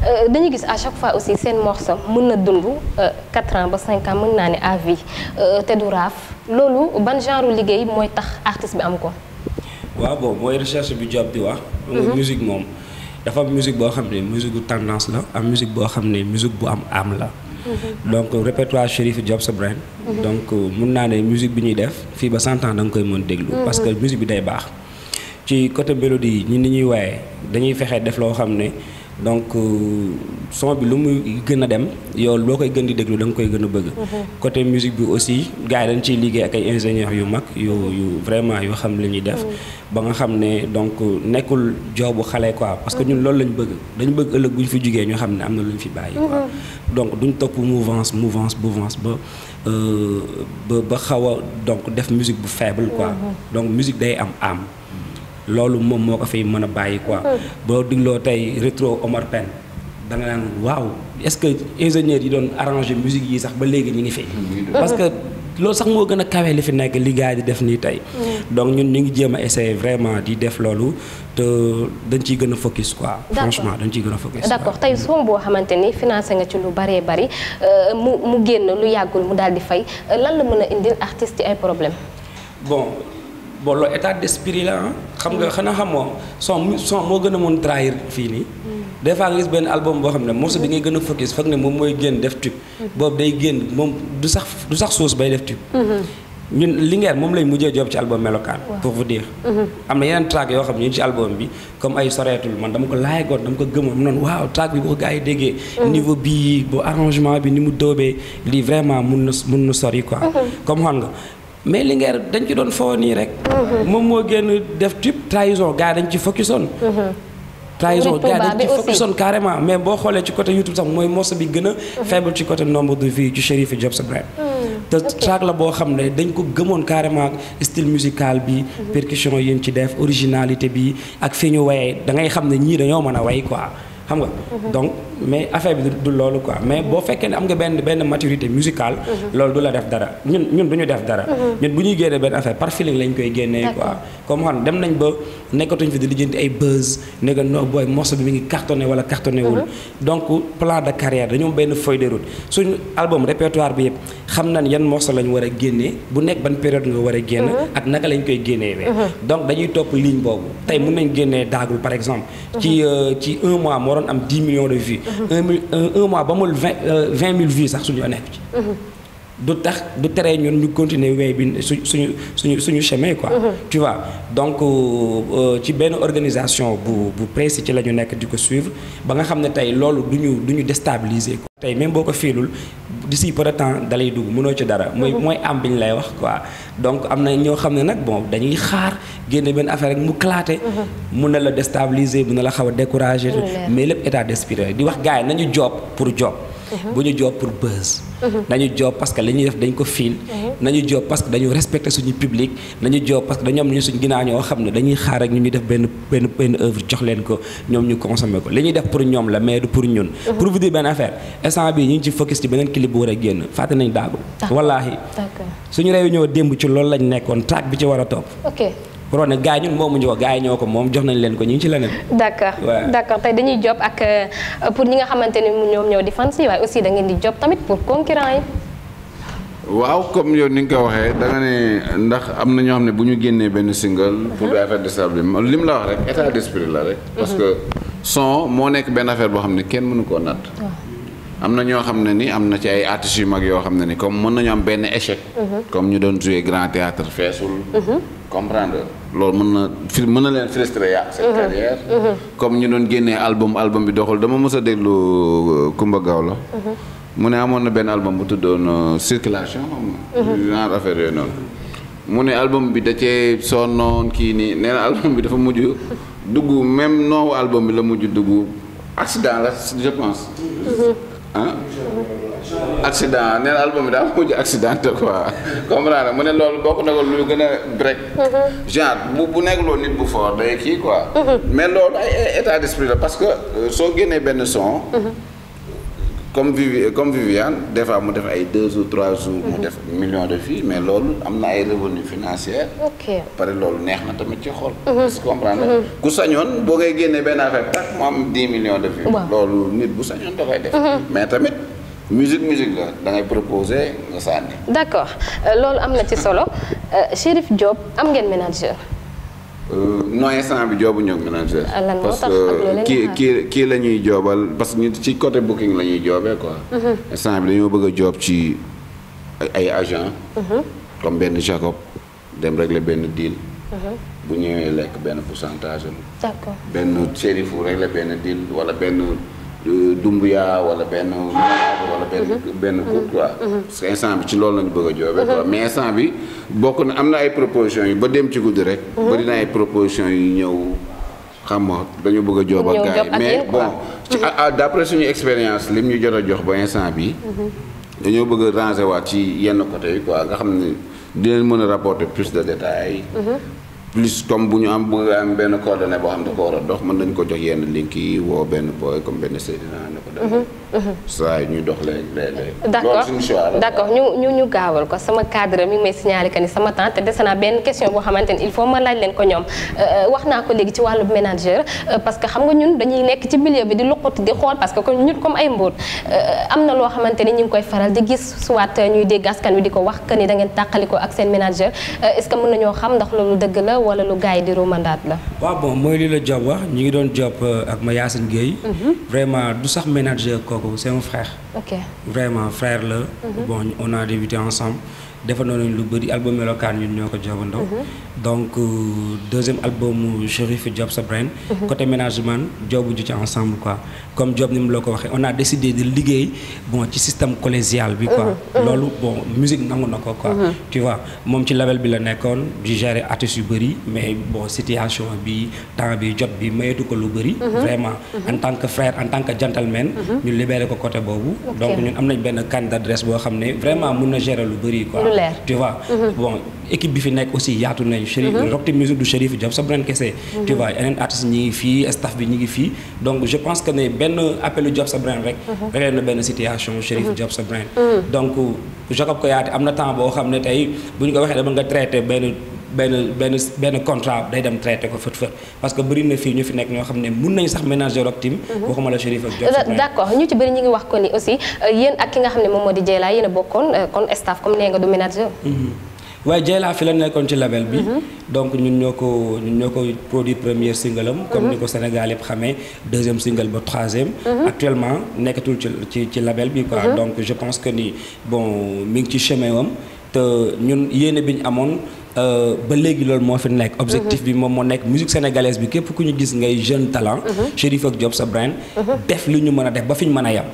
Euh, dañu gis à chaque fois aussi seen morceau mën na dund 4 euh, ans ba 5 ans mën naa ne à vie euh, te du raaf loolu ban genre liggéey mooy tax artiste bi am ko. waaw bon mooy recherche bi job di wax. Mhm. musique moom dafa am musique boo xam ne musique bu tendance la am musique boo xam ne musique bu am am la. Mhm. donc répertoire Chérif Diop sa brain mhm. donc mun naa ne musique bi ñuy def fii ba cent ans da nga koy mën déglu. parce que musique bi day baax. ci côté mélodie yi ñun ni ñuy waaye dañuy fexee def loo xam ne. donc euh, son bi lu muy gën a dem yow loo koy gën di déglu da nga koy gën a bëgg. Mhm. côté musique bi aussi gars yi dañ ciy liggéey ak ay ingénieurs yu mag yu vraiment yoo xam li ñuy def. Mhm. ba nga xam ne donc nekkul joobu xale quoi parce que ñun mhm. loolu lañ bëgg dañu bëgg ëllëg bu ñu fi jugee ñoo xam ne am na lu ñu fi bàyyi. quoi donc duñ topp mouvance mouvance mouvance ba euh, ba ba xaw a donc def musique bu faible quoi donc musique day am am. loolu moom moo ko fiy mën a bàyyi quoi. Hmm. boo dégloo tey rétro Omar Pène da nga naan waaw est-ce que ingénieurs yi doon arranger musique yi sax ba léegi ñu ngi fi. Hmm, parce que loolu sax moo gën a kawe li fi nekk li gars yi di def nii tey. Hmm. donc ñun ñu ngi jéem a essayer vraiment di def loolu te dañ ci gën a focus quoi. franchement dañ ciy gën a focus. d'accord tey son boo xamante ni financé nga ci lu baree bari euh, mu mu génn lu yàggul mu daal di fay lan la mën a indil artistes yi ay problème bon bon loolu état d'esprit la xam nga xanaa xamoo son son moo gën a mën trahir fii nii. Mm. des fois nga gis benn album boo xam ne morceau bi mm. ngay gën a focus foog ne moom mooy génn def tube. Mm. boobu day génn moom du sax du sax suus bay def tube. Mm-hmm. ñun Linguère moom lay mujjee job ci album melokaan. pour vous dire. Mm-hmm. am na yeneen track yoo xam ne ni ci album bi comme ay soreetul man dama ko laajagoon dama ko gëmoon noonu waaw track bi boo ko gars yi déggee. Mm-hmm. niveau bii bu arrangement bi ni mu dóobee lii vraiment mun na mun na sori quoi. comme xam nga. mais Linguère dañ ci doon foo nii rek. Mhm. moom moo génn def tube trahison gars dañ ci focusoon. Mhm. trahison gars dañ ci focusoon carrément mais boo xoolee ci côté YouTube sax mooy morceau bi gën a. Mhm. faible ci côté nombre de vues ci Cherif Diop sa Brahim. te track la boo xam ne dañ ko gëmoon carrément style musical bi. percussion yi ci def originalité bi ak fii ñu wayee da ngay xam ne ñii dañoo mën a way quoi. xam nga mhm. donc mais affaire bi du loolu quoi mais mhm. boo fekkee ne am nga benn benn maturité musicale mhm. loolu du la def dara ñun ñun du def dara ñun bu ñuy génnee benn affaire par feeling lañ koy génnee quoi comme xam dem nañ ba nekkatuñ fi di lijjanti ay buzz nekka no booy morceau bi mi ngi cartonné wala cartonné wul donc plan de carrière dañu bi yëpp xam nañ yan morceau lañ war a génnee bu nekk ban période nga war a génn ak naka lañ koy génnee donc dañuy topp ligne boobu tey mën nañ génnee daagul par exemple euh, ci un mois waroon am 10 millions de vues. Mhm. un mil un mois ba mul euh, vingt mille vues sax suñu nekk ci. Mhm. du tax du tere ñun ñu continuer wéy bi su suñu suñu suñu chemin quoi. Mhm. tu vois donc euh, euh, ci benn organisation bu bu presse ci la ñu nekk di ko suivre ba nga xam ne tey loolu du ñu du ñu déstabiliser quoi. tey même boo ko fiilul d'ici peu de temps dalay dugg mënoo ci dara. mooy mooy am bi ñu lay wax quoi. donc am na ñoo xam ne nag bon dañuy xaar génne benn affaire rek mu claté. Mhm. mun na la déstabiliser mun na la xaw a mais lépp état d'esprit di wax gars yi nañu job pour job. bu ñu job pour buzz. nañu job parce que li ñuy def dañ ko fiil nañu job parce que dañu respecté suñu public nañu job parce dañu suñu ginnaaw ñoo xam ne dañuy xaar rek ñu ñuy def benn benn benn jox leen ko ñoom ñu consommé ko li ñuy def pour ñoom la mais du pour ñun. Mhm. pour vous benn affaire instant bii ñu ngi ci focus ci beneen clip bu a génn fàtte nañ daagu. wallaahi suñu réunion démb ci loolu lañ nekkoon track bi ci war a topp. pour wax ne gars yi ñun moomuñu ko gars yi ñoo ko moom jox nañ leen ko ñu ngi ci leneen. d'accord d'accord tey dañuy job ak euh, pour ñi nga xamante ne ñoom ñoo di fans yi waaye aussi da ngeen di job tamit pour concurrent yi. waaw comme yow ni nga ko waxee da ne ndax am na ñoo xam ne bu ñu génnee benn single. pour mhm. affaire de stable bi lim la wax rek état d'esprit la rek. parce mhm. que son moo nekk benn affaire boo xam ne kenn mënu koo natt. am na ñoo xam ne ni am na ci ay artistes yu mag yoo xam ne ni comme mën nañu am benn échec. Mhm. comme ñu doon jouer grand théâtre feesul. Mhm. comprendre loolu mën na fi mën na leen frustré yàq seen mhm. carrière. comme ñu doon génnee album album bi doxul dama mës a déglu Kumba euh, Gawlo mu ne amoon na benn album bu tuddoon euh, circulation xam affaire yooyu noonu. mu ne album bi da cee sonnoon kii nii nee album bi dafa mujj duggu même noowu album bi la mujj duggu accident la je pense. ah accident nee na album bi daa mujj accident quoi comprendre nga mu ne loolu bokk na ko lu gën a break genre bu bu nekk loolu nit bu fort day kii quoi mhm. mais loolu ay état d'esprit la parce que euh, soo génnee benn son mhm. comme Vivi comme Viviane des fois mu def ay deux ou trois jours. mu def million de vues mais loolu am na ay revenu financier ok pare loolu neex na tamit ci xol. Mhm. est-ce que comprendre mhm. ku sañoon boo ngay génnee benn affaire rek mu am dix millions de vues. loolu nit bu sañoon da koy def. Mhm. mais tamit. musique musique la da ngay proposer nga sànni. d'accord euh, loolu am na ci solo euh, Chérif Diop am ngeen manager. Euh, nooy instant bi joobuñu ak manager. parce que kii kii kii la ñuy joobal parce que ñu ci côté booking la ñuy joobee quoi. Mhm. instant bi dañoo bëgg a joob ci ay agent mhm. comme benn Jacob dem régler benn deal. Mhm. bu ñëwee lekk benn pourcentage am. benn benn Chérifou régler benn deal wala benn. Euh, Dumbuya wala benn. wala benn mhm. benn coup mhm. quoi. Mhm. parce que instant bi ci loolu lañu bëgg a joobee quoi mais instant bi bokk na am na ay propositions yu ba dem ci guddi rek. ba na ay propositions yu ñëw xam nga dañoo bëgg a joob ak gars yi mais bon ci d'après suñu expérience lim ñu jot a jox ba instant bi dañoo bëgg a ranger waat ci yenn côté yi quoi nga xam ne dinañ mën a rapporter plus de détails. plus comme bu ñu am bu am xam ne ko war a dox ko jox yenn link yi woo benn mhm, mhm. ñu ñu ñu gaawal ko sama cadre mi ngi may signaler que ni sama benn question boo xamante ni il faut ma laaj leen ko ñoom euh, euh, wax naa ko léegi ci wàllu euh, parce que xam nga ñun dañuy nekk ci milieu bi di luqut di xool parce que ñun comme ay mbóot am na loo xamante ni ñu ngi koy faral di gis soit ñuy dégg askan wi di ko wax que ni da ngeen ko ak seen ménageur est-ce que mën nañoo xam ndax loolu dëgg la wala lu gars yi di romandaat la. waaw bon mooy li la job wax ñu ngi doon job euh, ak ma Yacine Gueye. Mhm. vraiment du sax ménager kooku c'est mon frère. vraiment frère la. Mhm. bon on a débuté ensemble. defandoo nañu lu bëri album melokaan ñun ñoo ko jobandoo. Mhm. donc euh, deuxième album Chérif Job sa brain. ménagement jobu ju ci ensemble quoi. comme Job ni mu la ko waxee on a décidé de liggéey bon ci système collégial bi quoi. Mhm, mhm. loolu bon musique nangu na ko quoi. Mhm. tu vois moom ci label bi la nekkoon di gérer artistes yu bëri mais bon situation bi temps bi jot bi mayetu ko lu bëri. vraiment en tant que frère en tant que gentleman. ñu libere ko côté boobu. donc ñun am nañ benn canne d'adresse boo xam ne vraiment mun na gérer lu bëri quoi. tu vois bon. équipe bi fi nekk aussi yaatu nañu mhm. Chérif Rockteam Musique du Chérif Diop Sabren kese mhm. tu vois yeneen artistes ñi ngi fii staff bi ñi ngi fii donc je pense que ne benn appelu Diop Sabren rek mhm. réglé benn situation Chérif Diop Sabren donc Jacob am na temps boo xam ne tey bu ñu ko waxee dama nga traité benn benn benn benn contrat day dem traité ko fii ñu fi nekk ñoo xam ne mun nañu sax ménager Rockteam waxuma la Chérif ak Diop d'accord ñu ngi wax ko ni aussi yéen ak ki nga xam ne moom moo di Dieyla yéen a bokkoon kon staff comme nee nga du ménager waaye Jayla fi la nekkoon ci label bi. Mhm. donc ñun ñoo ko ñun ñoo ko produit premier single am. comme mhm. ni ko Sénégal yëpp xamee deuxième single ba troisième. Mhm. actuellement nekkatul ci ci ci label bi quoi. donc je pense que ni bon mi ngi ci chemin wam te ñun yéene bi ñu amoon. Euh, ba léegi loolu moo fi nekk objectif bi moom moo nekk musique sénégalaise bi képp ku ñu gis ngay jeune talent mhm. Chérif ak Job sa brain mhm. def li ñu mën a def ba fi ñu mën a yem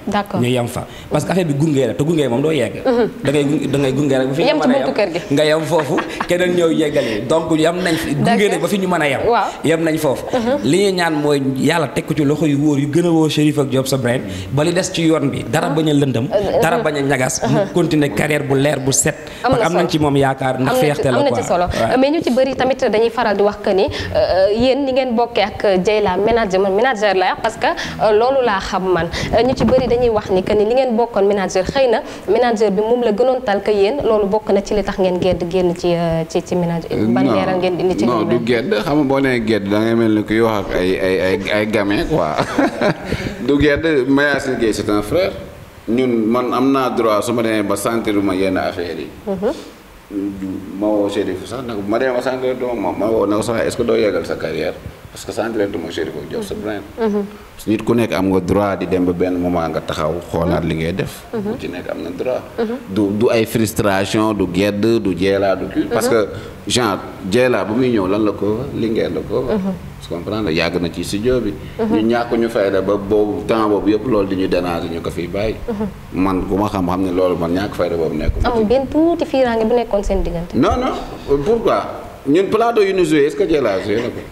ñu yem fa parce que affaire bi gunge la te gunge moom doo yegg mhm. da ngay gunge rek ba fi ñu mën a nga yem foofu keneen ñëw yeggali donc yem nañ gunge rek fi ñu mën a yem yem nañ foofu li ñuy ñaan mooy yàlla teg ci loxo yu wóor yu gën a wóor Chérif ak Job sa brain bali des ci yoon bi dara ah. bañ a lëndëm euh, euh, dara bañ a ñagas mu continuer carrière bu leer bu set parce am nañ ci moom yaakaar ndax feexte la solo mais ñu ci bëri tamit dañuy faral di wax que ni euh, yéen ni ngeen bokkee ak Dieyla manager man manager la parce que euh, loolu laa xam man euh, ñu ci bëri dañuy wax ni que ni li ngeen bokkoon manager xëy na manager bi moom la gënoon tal que yéen loolu bokk na ci li tax ngeen gedd génn ci ci ci manager ban leeral ngeen indi ci non du gedd boo nee gedd da ngay ni kuy wax ak ay ay ay ay gamin quoi du gedd Mayacine Gueye c'est un frère ñun man am naa droit su ma demee ba sentiruma yenn affaires yi mm-hmm. ma woo Chérif sax ne ma demee ma sànq ma woo ne sax est-ce que doo yeggal sa carrière parce que sans directeur mooy chérif ak nit ku nekk am nga droit di dem ba benn moment nga taxaw xoolaat li ngay def. Mhm. ku ci nekk am na droit. Mhm. ay frustration du gedd du jeelaa du kii. parce mhm. que genre jeelaa ba muy ñëw lan la ko li ngeen la ko. tu comprends nga yàgg na ci si bi. ñu ñàkk ñu fayda ba boobu temps boobu yëpp lool di ñu déranger ñu ko fiy bàyyi. man ku ma xam-xam ne loolu man ñàkk fayda boobu nekkul. amul benn tuuti fiiraange bu nekkoon seen diggante. non non pourquoi ñun plateau yu ñu que jeelaa joué ko.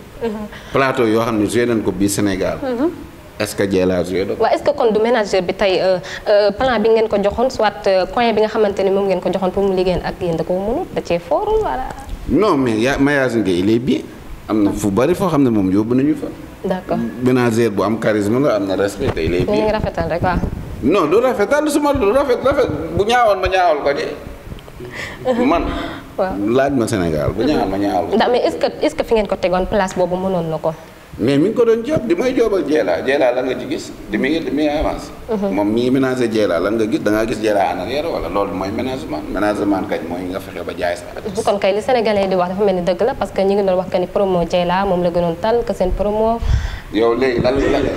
plateau yoo xam ne joué nañ ko bii Sénégal. Mhm. est-ce que Dieyla joué na ko. waaw est kon du manager bi tey euh, euh, plan bi ngeen ko joxoon soit coin euh, bi nga xamante ni moom ngeen ko joxoon pour mu liggéey ak yéen da koo mënut da cee foorul voilà. non mais ya maillage nga il est am na fu bari foo xam ne moom yóbbu nañu fa. d'accord manager bu am charisme la am na respect il est bien. ñu ngi rafetal rek waaw. non du rafetal su ma du rafet rafet bu ñaawoon ma ñaawal ko de mhm. man. laaj ma Sénégal ba ñaar ma ñaar ndax mais est-ce que est-ce que fi ngeen ko tegoon place boobu mënoon na ko. mais mi ngi ko doon joob di may joobal Dieyla Dieyla lan nga gis di gis da ngaa gis Dieyla en loolu mooy ménagement ménagement kañ mooy nga fexe ba jaay sa. kon kay li di wax dafa mel ni dëgg la parce que ñu ngi doon wax que promo Dieyla moom la gënoon tal que seen promo. yow léegi lan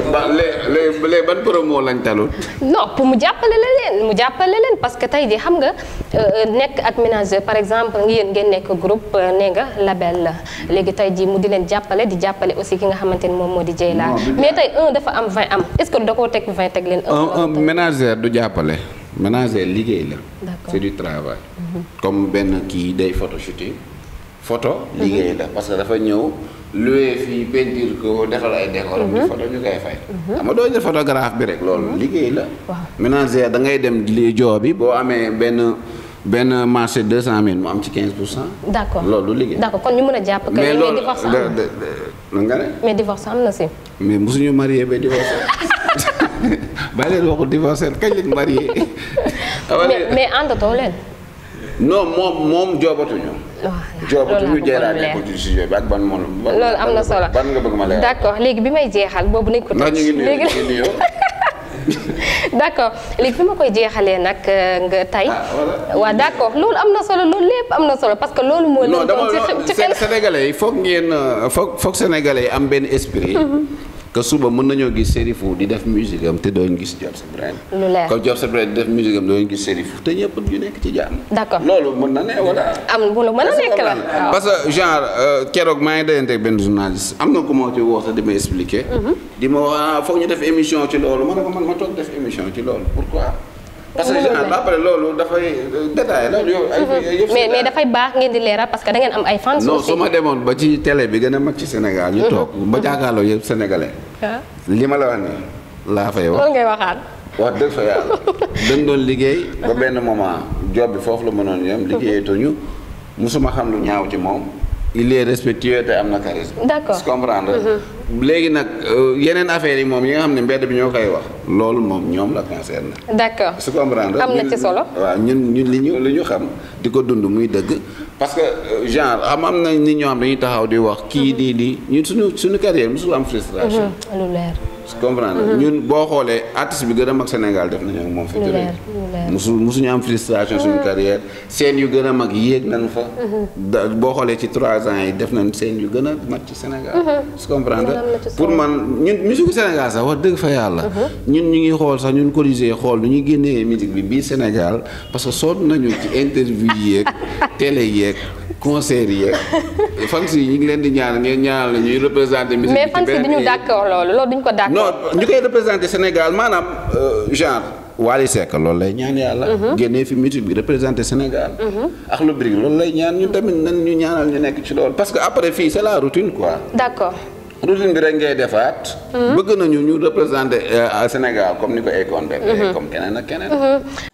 lan léegi ban promo lañ taloon. non pour mu jàppale la leen mu jàppale leen parce que tey jii xam nga euh, nekk ak ménageur par exemple yéen ngeen nekk groupe euh, nee nga label la léegi tey jii mu di leen jàppale di jàppale aussi ki nga xamante ni moom moo di jëy laa mais tey dafa am vingt am est-ce que koo teg vingt teg leen. un un ménageur du jàppale. ménageur liggéey la. d'accord c'est du travail. Mhm. comme benn kii day photo shooting. Mhm. photo liggéey la parce que dafa ñëw. luwee fii peinture ko defal ay décor am mhm. di photo ñu koy fay mhm. xam doo jël photographe bi rek loolu liggéey la ménagère da ngay dem li joo bi boo amee benn benn marché deux cent mille mu am ci quinze pour cent d'accord loolu liggéey d'accord kon ñu mën a jàpp que mais loolu divorce am na nga ne mais divorce am na si mais mosuñu marié ba divorce bàyyi leen waxul divorce kañ lañ marié mais mais leen non moom moom joobatuñu. Ah, joobatuñu jeeraane ko ci sujet bi ak ban moom. loolu am na solo ban nga bëgg ma leeral. d'accord léegi bi may jeexal boobu nañ ko. léegi ñu ngi nuyu d'accord léegi fi ma koy jeexalee nag euh, nga tey. Ah, waaw d'accord loolu am na solo loolu lépp am na solo parce que loolu moo. leen doon ci xel non dama sénégalais yi foog ngeen euh, foog foog sénégalais yi am benn esprit. Mhm. que suba mën nañoo gis Serifou di def musique am te dooñu gis Job sa Brain. lu leer comme Job sa Brain di def musique am dooñu gis Serifou te ñëpp ñu nekk ci jàmm. loolu mën na ne wala. am lu mën a nekk la parce que genre euh, keroog maa ngi dajanteeg benn journaliste am na ku ma ci woo sax di ma expliquer. Mhm. di ma wax ah, foog ñu def émission ci loolu ma ne ko man ma toog def émission ci loolu pourquoi. parce que général ba pare loolu dafay euh, détaillé loolu yow. ay mhm. mais dafay baax ngeen di leeral parce que da am ay fans. non su ma demoon ba ci télé bi gën a mag ci Sénégal. ñu mhm. toog ba mhm. jàkkaarloo yëpp senegale ah. li ma la wax nii laa fay wax. loolu ngay waxaat. wax dëgg fa yàlla dañ doon liggéey. ba benn moment job bi foofu la mënoon yem liggéeyatuñu musuma xam lu ñaaw ci moom. il est respectueux te am na charisme. d'accord comprendre mhm. léegi nag euh, yeneen affaire yi moom yi nga xam ne mbedd bi ñoo koy wax. loolu moom ñoom la concerne. d'accord su comprendre am na ci solo. waaw ñun ñun li ñu li ñu xam di ko dund muy dëgg. parce que euh, genre am am na nit ñoo xam dañuy taxaw di wax. kii dii di ñun suñu suñu carrière mosul am frustration. Mhm. lu comprendre ñun boo xoolee artiste bi gën a mag Sénégal def nañu ak moom fi tëddee musu musuñu am frustration suñu ah. carrière seen yu gën a mag yéeg nañ fa mm-hmm. boo xoolee ci trois ans yi def nañ seen yu gën a mag ci Sénégal su mm-hmm. comprendre pour man ñun musique Sénégal sax wax dëgg fa yàlla mm-hmm. ñun ñu ngi xool sax ñun corrigé xool nu ñuy génnee musique bi bii Sénégal parce que sonn nañu ci interview yeeg télé yéeg concert yi fans yi leen di ñaan ngeen ñaanal la ñuy représenté. musique mais fans yi duñu d'accord loolu loolu duñu ko d'accord. non ñu koy représenté Sénégal maanaam euh, genre. Wally Seck loolu lay ñaan yàlla. Mhm. génnee fi musique bi représenté Sénégal. Mhm. tamit nan ñaanal ñu nekk ci loolu parce que après fii c'est la routine quoi. d'accord. routine bi rek ngay defaat. Mhm. bëgg nañu ñu représenter euh, Sénégal comme ni ko Akon Beng. comme keneen ak keneen.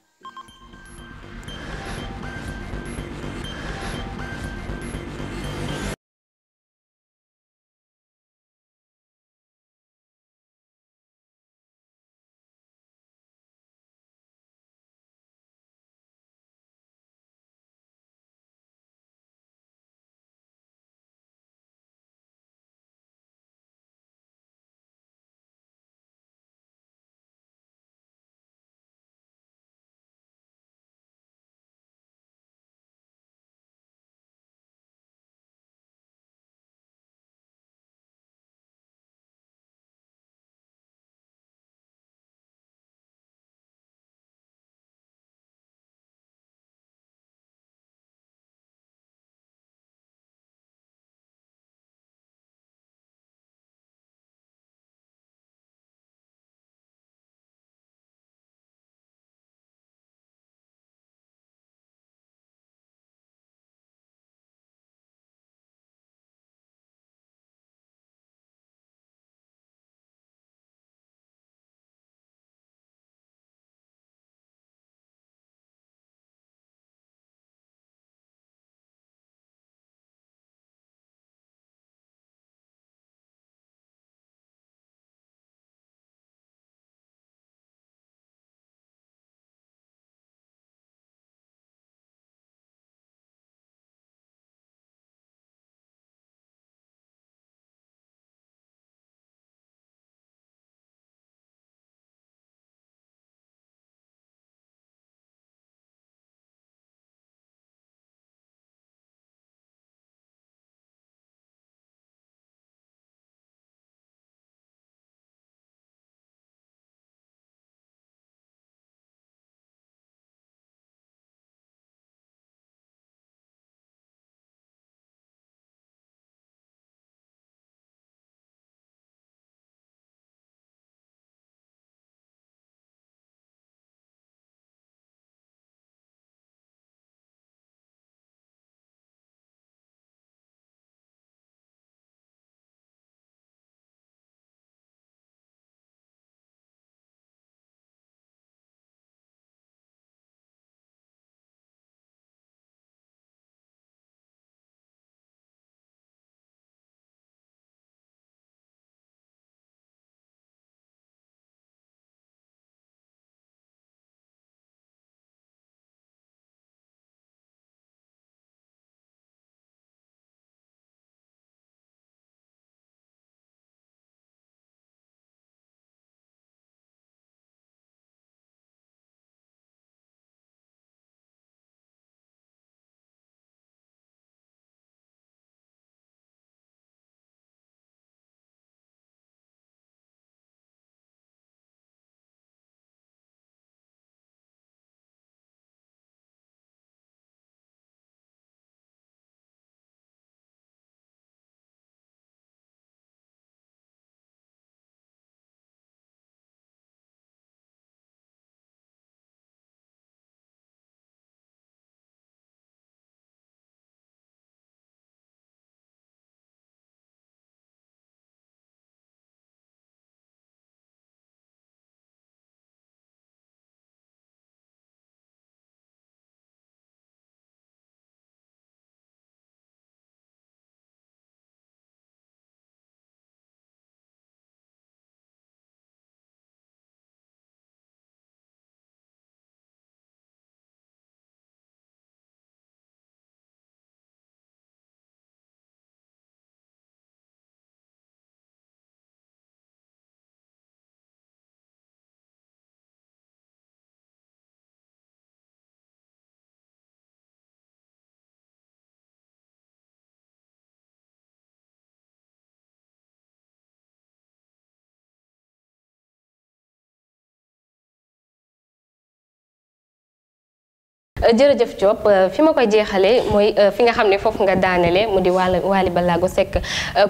Euh, jërëjëf Diop euh, fi ma koy jeexalee mooy euh, fi nga xam ne foofu nga daanelee mu di Wally Wally Ballago Seck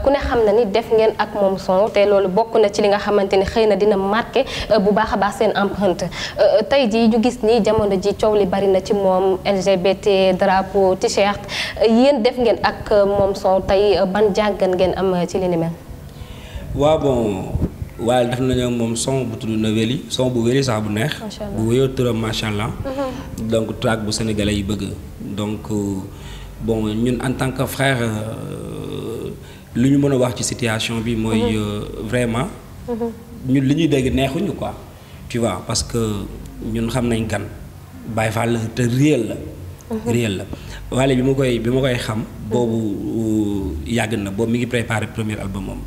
ku ne xam na ni def ngeen ak moom son te loolu bokk na ci li nga xamante ni xëy na dina marqué bu baax a baax seen empreinte tey jii ñu gis ni jamono ji coow li bari na ci moom LGBT drapeau t-shirt def ngeen ak moom son tey ban jàngan ngeen am ci li ni mel. waaye def nañu moom son bu tudd na weli son bu weli sax bu neex. bu wéyoo turam macha allah. donc track bu sénégal yi bëgg. donc euh, bon ñun en tant que frère euh, lu ñu mën a wax ci situation bi. mooy mm-hmm. euh, vraiment. Mm-hmm. ñun li ñuy dégg neexuñu quoi. tu vois parce que ñun xam nañ kan Baye Fall te réel la. réel la waale bi ma koy bi ma koy xam boobu uh, yàgg na boobu mi ngi préparé premier album moom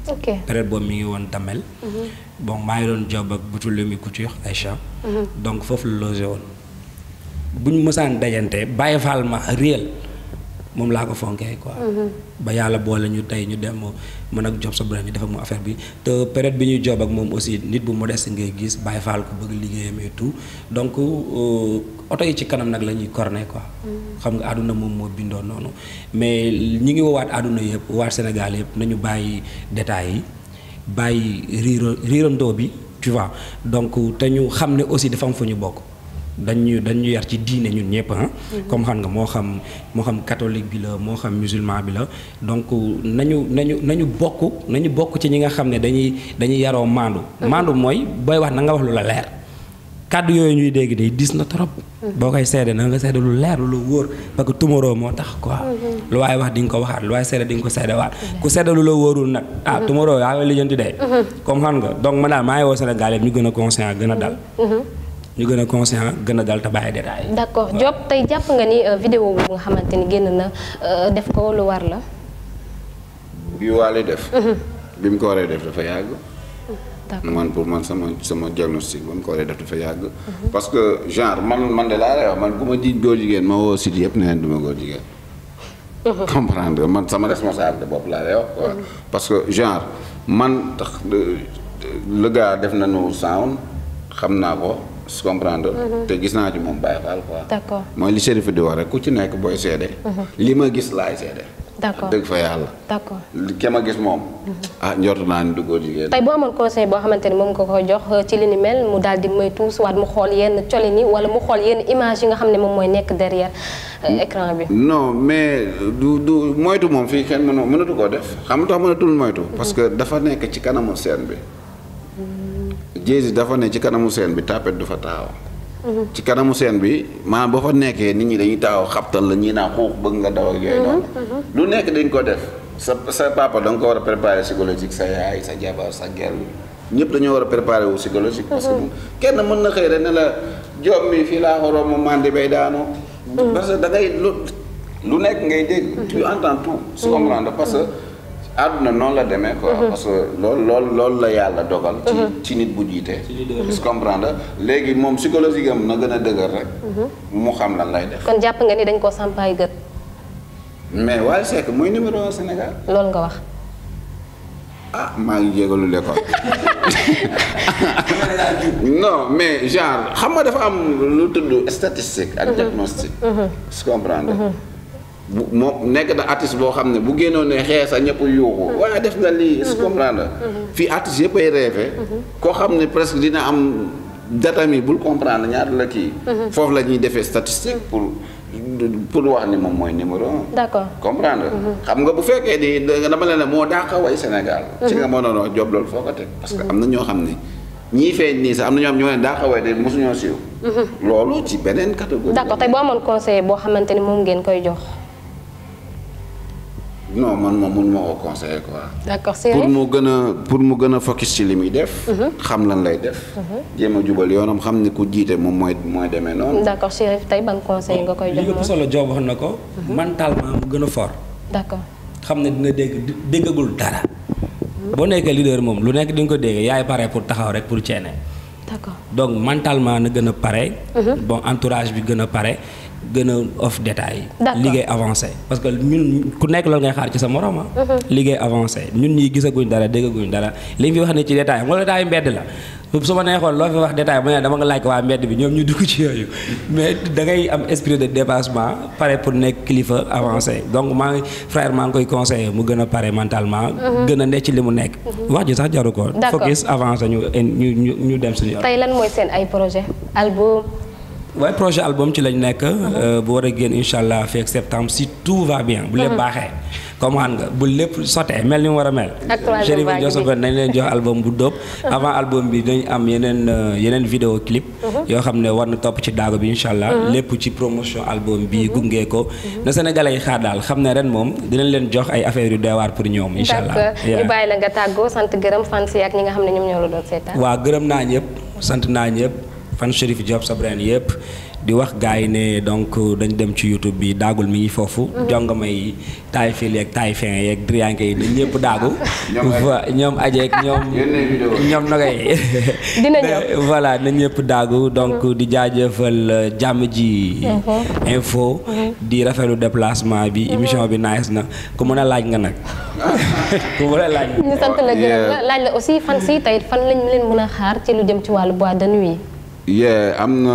période boobu mi ngi woon Damel bon maa ngi doon job ak butu Lumi Couture Aïcha donc foofu la logé woon bu ñu mësaan dajante Baye Fall ma réel moom laa ko fonkee ko mm-hmm. ba yàlla boole ñu tey ñu dem man ak job sa brand ñu def ak mu affaire bi te période bi ñuy job ak moom aussi nit bu modeste ngay gis bàyyi faal ko bëgg liggéeyam et tout donc euh, oto yi ci kanam nag la ñuy corné quoi. Mm-hmm. xam nga àdduna moom moo bindoon noonu mais ñi ngi woowaat àdduna yëpp woowaat Sénégal yëpp nañu bàyyi détails yi bàyyi riirandoo bi tu donc te ñu xam ne aussi dafa am fu ñu bokk. dañ ñu dañ ñu yar ci diine ñun ñëpp ah. Mhm. comme xam nga moo xam moo xam catholique bi la moo xam musulman bi la donc nañu nañu nañu bokk nañu bokk ci ñi nga xam ne dañuy dañuy yaroo maandu. Mhm. maandu mooy booy wax na nga wax lu la leer. kàddu yooyu ñuy dégg di diis na trop. Mhm. boo koy seede na nga seede lu leer lu wóor parce que tumaroo moo tax quoi. lu waaye wax di nga ko waxaat lu waaye seede di nga ko seedewaat ku seede lu la wóorul nag ah tumaroo yaa ngi lijjanti de. comme xam nga donc man daal maa ngi woo Sénégal yëpp gën a conscient gën a dal. ñu gën a conscient gën a dal te bàyyi détail. d'accord Diop tey jàpp nga ni euh, vidéo bu nga xamante ni génn na euh, def ko lu war la. bi waale def. Mhm. bi mu ko waree def dafa yàgg. man pour man sama sama diagnostic ba mu ko waree def dafa yàgg. Mhm. parce que genre man man de laa lay man bu ma di góor jigéen ma woo site yëpp ne leen duma koo jigéen. Mhm. comprendre man sama responsabilité boobu laa lay wax parce que genre man tax le gars def nañu sound xam naa ko. su comprendre mhm. te gis naa ci moom Baye Fall quoi. d'accord mooy li Chérif di wax rek ku ci nekk booy seede. Mhm. li ma gis laay seede. d'accord dëgg fa yàlla. d'accord ke ma gis moom. Mhm. ah njort naa ni du jigéen. tey boo amoon conseil boo xamante ni moom nga ko jox ci li ni mel mu daal di may tuus waat mu xool yenn colin yi wala mu xool yenn image yi nga xam ne moom mooy nekk derrière euh, mm. écran bi. non mais du du moytu moom fii kenn mënatu koo def xam nga tax mënatul moytu. parce que dafa nekk ci kanamu scène Jéesi dafa ne ci kanamu seen bi tapet du fa taxaw. ci kanamu seen bi maanaam boo fa nekkee nit ñi dañuy taxaw xabtal la ñii naa xuux bëgg nga daw ak yooyu noonu. Mhm, mhm. lu nekk dañ ko def sa sa papa da nga ko war a préparer psychologique sa yaay sa jabar sa gel ñëpp dañoo war a préparer wu psychologique. parce mhm. kenn mën na xëy rek ne la joom fii laa xorom mu mandi bay daanu. parce que da lu lu nekk ngay dégg. tu entends tout. su comprendre parce que. àdduna noonu la demee ko mhm. parce que loolu loolu la yàlla dogal. ci mhm. ci nit bu jiitee. ci comprendre léegi moom psychologique am na gën a dëgër rek. Mhm. mu xam lan lay def. kon jàpp nga ni dañ koo sampaay gët. mais Wally Seck mooy numéro un Sénégal. loolu nga wax. ah maa ngi jégalu l'école non mais genre xam nga dafa am lu tudd statistique. ak diagnostic. tu bu moom nekk na artiste boo xam ne bu génnoon ne xees a ñëpp yuuxu waaye mm-hmm. def na lii su mm-hmm. comprendre mm-hmm. fii artiste yëpp ay rêvé koo xam ne presque dina am data mi bul comprendre ñaata la kii foofu la ñuy defee statistique pour pour wax ni moom mooy numéro d'accord comprendre xam nga bu fekkee ni dama la ne moo dàqa way Sénégal ci nga mënoon wax job loolu foo ko teg parce que am na ñoo xam ne ñii feeñ nii sax am na ñoo xam ñoo ne daa de mosuñoo siiw loolu ci beneen ni moom ngeen koy jox non man moom mun ma ko conseiller quoi. d'accord c'est pour mu gën a pour mu gën a focus ci li muy def. Mhm. xam lan lay def. Mhm. jéem a jubal yoonam xam ni ku jiite moom mooy mooy demee noonu. d'accord Chérif ban conseil nga koy jox li nga solo Diop wax na ko. Mhm. mentalement mu gën a fort. d'accord xam ne dina dégg déggagul dara. boo nekkee leader moom lu nekk di ko dégg yaay pare pour taxaw rek pour ceene. d'accord donc mentalement na gën a pare. bon entourage bi gën a pare. gën a off détail liggéey avancé parce que ñun ku nekk loolu ngay xaar ci sa morom ah. mhm. liggéey avancé ñun ñuy gisaguñ dara déggaguñ dara li ñu fi wax ne ci détail xam nga détail mbedd la su ma neexoon loo fi wax détail ma ne dama nga laaj ci yooyu pour nekk kilifa avancé donc maa maa ngi koy conseillé mu gën a pare mentalement mhm. gën a ne ci li mu nekk mhm. wax ji sax jaru ko focus avancé ñu ñu ñu dem suñu tey lan mooy seen ay projet album waaye projet album ci lañ nekk. Mhm. Euh, bu war a génn incha allah fii ak septembre si tout va bien. bu lépp mhm. baaxee. comment nga bu lépp sotee mel ni mu war a mel. nañ leen jox album bu dóob. Mhm. avant album bi dañ am yeneen euh, yeneen vidéo clip. yoo xam ne war na topp ci daago bi incha allah. lépp ci promotion album bi gunge ko. na Sénégalais yi xaar daal xam ne ren moom dinañ leen jox ay affaire yu doy pour ñoom. incha allah ñu bàyyi la nga tàggoo sant gërëm naa ñëpp sant naa ñëpp. fan Chérif Diop Sabreen yëpp di wax gars yi ne donc dañ dem ci YouTube bi daagul mi ngi foofu. Mhm. jongama yi taay fil yeeg taay fin yeeg driyanke yi dañ ñëpp daagu. ñoom ajeeg ñoom. ñoom nogay. voilà nañ ñëpp daagu donc mhm. di jaajëfal euh, jàmm ji. Mhm. info. di rafetlu déplacement bi émission bi nice na ku mën a laaj nga nag. ku mën a laaj. ñu sant la gërëm la laaj la aussi fan si tey fan lañ leen mën a xaar ci lu jëm ci wàllu boîte de nuit. yee am na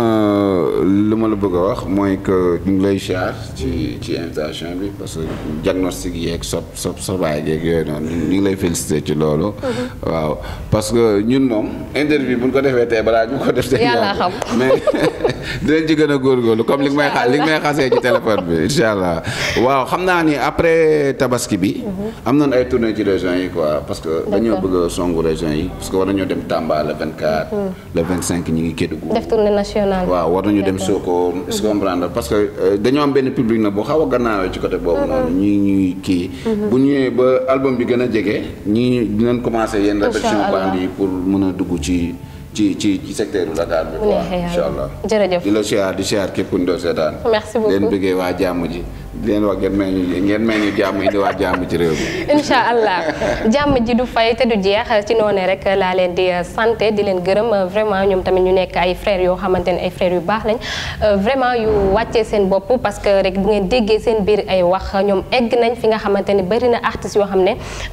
lu ma la bëgg a wax mooy que ñu ngi lay char ci ci invitation bi parce que diagnostic yeeg sob sob sobaay yeeg yooyu noonu ñu ngi lay félicité ci loolu. Mhm. waaw parce que ñun moom interview bu ñu ko defee tey balaa ñu ko def. tey yàlla xam mais dinañ ci gën a góorgóorlu comme li may xa li may xasee ci téléphone bi incha allah waaw xam naa ni après tabaski bi. Mhm. am nañ ay tournées ci régions yi quoi parce que dañoo bëgg a songu régions yi parce que war nañoo dem Tamba le 24. Mhm. le 25 ñu ngi Kédougou def tournée nationale. waaw war nañu dem soo ko su comprendre parce que euh, dañoo am benn public na bu xaw a gannaawee ci côté boobu noonu. Mhm. ñii ñuy kii. Mhm. bu ñëwee ba album bi gën a jege. ñii dinañ commencé yenn répétition band yi pour mën a dugg ci. ci ci ci secteur la daal bi. incha allah jërëjëf di la siyaar di siyaar képp ku ñu doon seetaan. leen bëggee waa jàmm ji. di leen wax ngeen may ñu ngeen may ñu jàmm ci réew mi. incha allah jàmm ji du fay te du jeex ci noonu rek laa leen di euh, santé di leen gërëm euh, vraiment ñoom tamit ñu nekk ay frères yoo xamante ne ay frères yu baax lañ euh, vraiment yu wàccee seen bopp parce que rek bu ngeen déggee seen biir ay wax ñoom egg nañ fi nga xamante ne bari na artistes yoo xam ne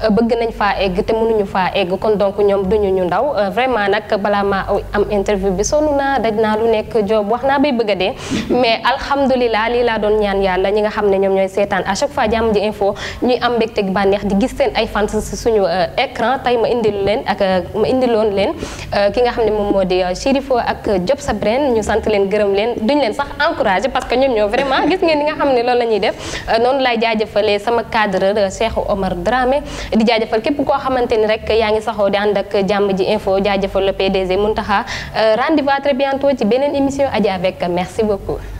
bëgg nañ faa egg te mënuñu faa egg kon donc ñoom duñu ñu ndaw vraiment nag balaa maa am interview bi sonn naa daj naa lu nekk job wax naa bay bëgg a dee mais alhamdulilah lii laa ñoom ñooy seetaan à chaque fois jàmm ji info ñuy am mbégte bànneex di gis seen ay fans si suñu euh, écran tey ma indil leen ak euh, ma indiloon leen euh, ki nga xam ne moom moo di Chérifo ak Job Sabren ñu sant leen gërëm leen duñ leen sax encouragé parce que ñoom ñoo vraiment gis ngeen li nga xam ne loolu la ñuy def noonu laay jaajëfalee sama cadre Cheikh Omar Dramé di jaajëfal képp koo xamante ni rek yaa ngi saxoo di ànd ak jàmm ji info jaajëfal le PDG Mountakha rendez-vous à très ci beneen émission Aja avec merci beaucoup